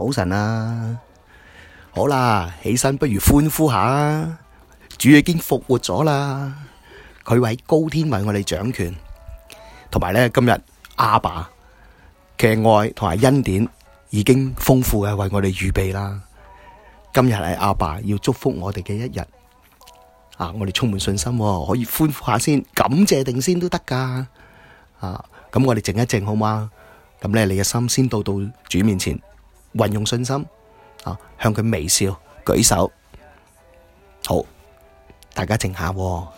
早晨啊，好啦，起身不如歡呼下，主已經復活咗啦，佢喺高天為我哋掌權，同埋咧今日阿爸嘅愛同埋恩典已經豐富嘅為我哋預備啦。今日係阿爸要祝福我哋嘅一日，啊，我哋充滿信心，可以歡呼下先，感謝定先都得噶，啊，咁我哋靜一靜好嘛？咁咧，你嘅心先到到主面前。運用信心，啊，向佢微笑，舉手，好，大家靜下喎。